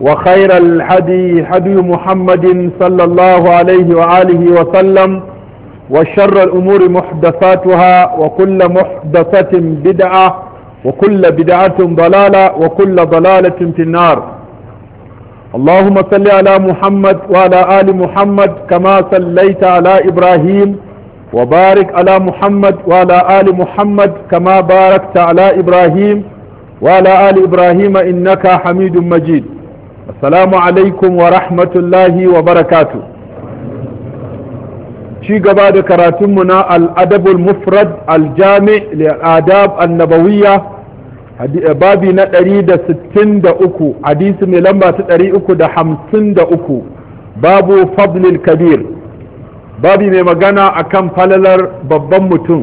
وخير الحدي حدي محمد صلى الله عليه وآله وسلم وشر الأمور محدثاتها وكل محدثة بدعة وكل بدعة ضلالة وكل ضلالة في النار اللهم صل على محمد وعلى آل محمد كما صليت على إبراهيم وبارك على محمد وعلى آل محمد كما باركت على إبراهيم وعلى آل إبراهيم إنك حميد مجيد assalamu alaikum wa rahmatullahi wa barakatu ci gaba da karatunmu na al'adabul mufrad aljami al'adab annabawiyya eh, babu na 163 hadisi mai lamba ta 353 babu fadlil kabir Babu mai magana akan falalar babban mutum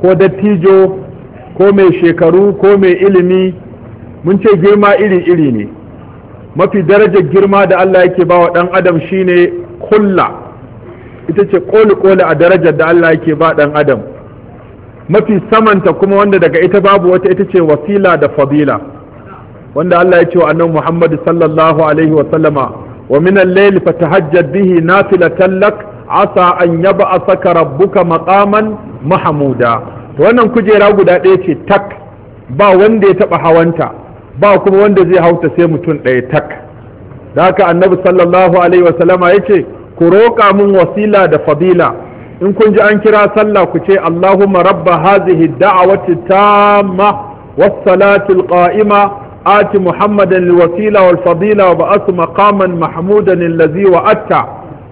ko dattijo ko mai shekaru ko mai ilimi mun ce girma iri-iri ne mafi darajar girma da Allah yake ba wa ɗan adam shine kulla ita ce koli-koli a darajar da Allah yake ba ɗan adam mafi samanta kuma wanda daga ita babu wata ita ce wasila da fadila wanda Allah ya ce wa annan Muhammad sallallahu alaihi wa sallama wa min al-layli fatahajjad bihi nafilatan lak asa an yab'asaka rabbuka maqaman mahmuda wannan kujera guda ɗaya ce tak ba wanda ya taba hawanta ba kuma wanda zai hauta sai mutum ɗaya tak da haka annabi sallallahu alaihi wasallama ya ce ku roƙa min wasila da fadila in kun ji an kira sallah ku ce allahumma rabba hazihi da'awati tamma wassalatul qa'ima ati muhammadan li wasila wal fadila wa ba'athu maqaman mahmudan allazi wa atta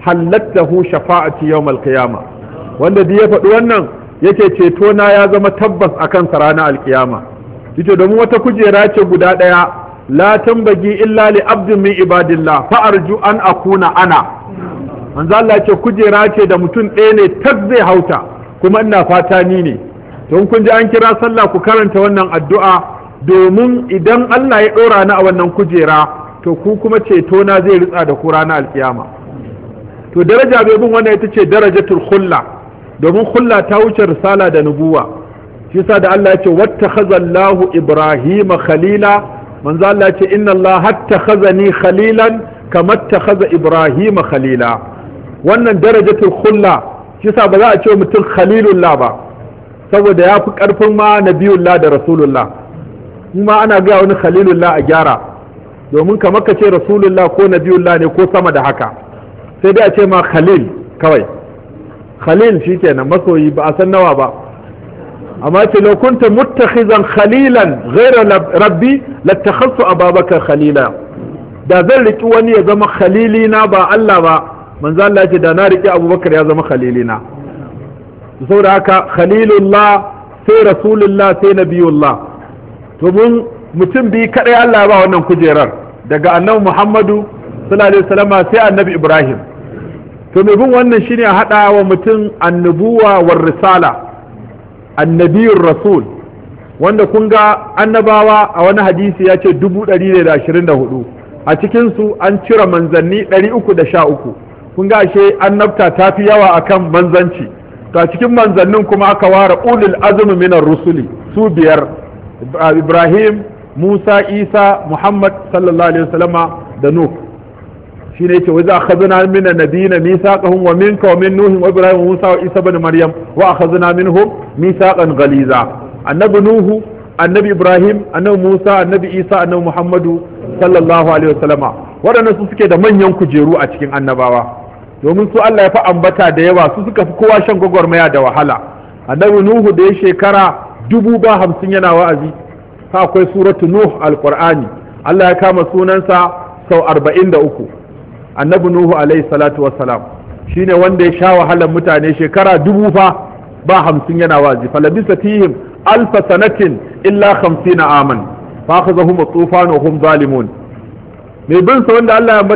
hallatahu shafa'ati yawm al qiyama wanda da ya faɗi wannan yace cetona ya zama tabbas akan sarana al qiyama yace domin wata kujera ce guda ɗaya la tambagi illa li abdin min ibadillah fa arju an akuna ana manzo Allah ce kujera ce da mutum ɗaya ne tak zai hauta kuma ina fata ni ne don kun ji an kira sallah ku karanta wannan addu'a domin idan Allah ya ɗora ni a wannan kujera to ku kuma ceto na zai ritsa da ku ranar alkiyama to daraja bai bin wannan ita ce darajatul khulla domin khulla ta wuce risala da nubuwa shi yasa da Allah ya ce khazallahu Ibrahim khalila manzo Allah ya ce inna Allah khazani khalilan kama takhaza Ibrahim khalila wannan darajatul khulla shi yasa ba za a ce mutum khalilullah ba saboda yafi karfin ma nabiyullah da rasulullah kuma ana ga wani khalilullah a gyara domin kama ka ce rasulullah ko nabiyullah ne ko sama da haka sai dai a ce ma khalil kawai khalil shikenan masoyi ba a san nawa ba amma ce law kunta muttakhizan khalilan ghayra rabbi lattakhassu ababakar khalila da zan riki wani ya zama khalilina ba Allah ba manzo Allah ce da na riki abubakar ya zama khalilina saboda haka khalilullah sai rasulullah sai nabiyullah to mun mutum bi kadai Allah ba wannan kujerar daga annabi Muhammadu sallallahu alaihi wasallama sai annabi Ibrahim to me bin wannan shine hada wa mutum annabuwa war risala Annabiyun rasul wanda kun ga annabawa a wani hadisi ya ce dubu ɗari da ashirin da hudu a cikinsu an cire manzanni ɗari uku da sha uku kun ga ashe annabta ta fi yawa akan manzanci to a cikin manzannin kuma aka ware ulul azumi minar rusuli su biyar ibrahim musa isa muhammad sallallahu alaihi wasallama da nuh shine yake waza akhadna min an-nabiyina mithaqahum wa minka wa min nuhin wa ibrahim wa musa wa isa ibn maryam wa akhadna minhum mithaqan ghaliza annabi nuhu annabi ibrahim annabi musa annabi isa annabi muhammadu sallallahu alaihi wasallama waɗannan su suke da manyan kujeru a cikin annabawa domin su Allah ya fi ambata da yawa su suka fi kowa shan gwagwarmaya da wahala annabi nuhu da ya shekara dubu ba hamsin yana wa'azi sa akwai suratu nuh alqur'ani Allah ya kama sunansa sau arba'in da uku annabi nuhu alaihi salatu wassalam shine wanda ya sha wahalar mutane shekara dubu fa ba hamsin yana wazi falabisa fihim alfa sanatin illa hamsina aman fa akhadhahum at-tufan wa hum zalimun mai bin sa wanda Allah ya